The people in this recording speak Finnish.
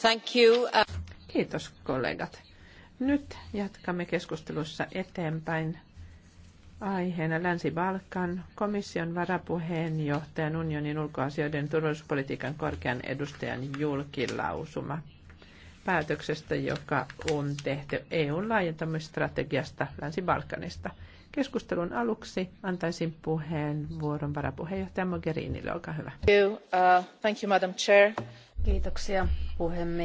Thank you. Uh, Kiitos kollegat. Nyt jatkamme keskustelussa eteenpäin aiheena Länsi-Balkan komission varapuheenjohtajan unionin ulkoasioiden turvallisuuspolitiikan korkean edustajan julkilausuma päätöksestä, joka on tehty EUn laajentamistrategiasta Länsi-Balkanista. Keskustelun aluksi antaisin puheenvuoron varapuheenjohtaja Mogherinille. Olkaa hyvä. Thank you, uh, Madam Chair. Kiitoksia puhemies.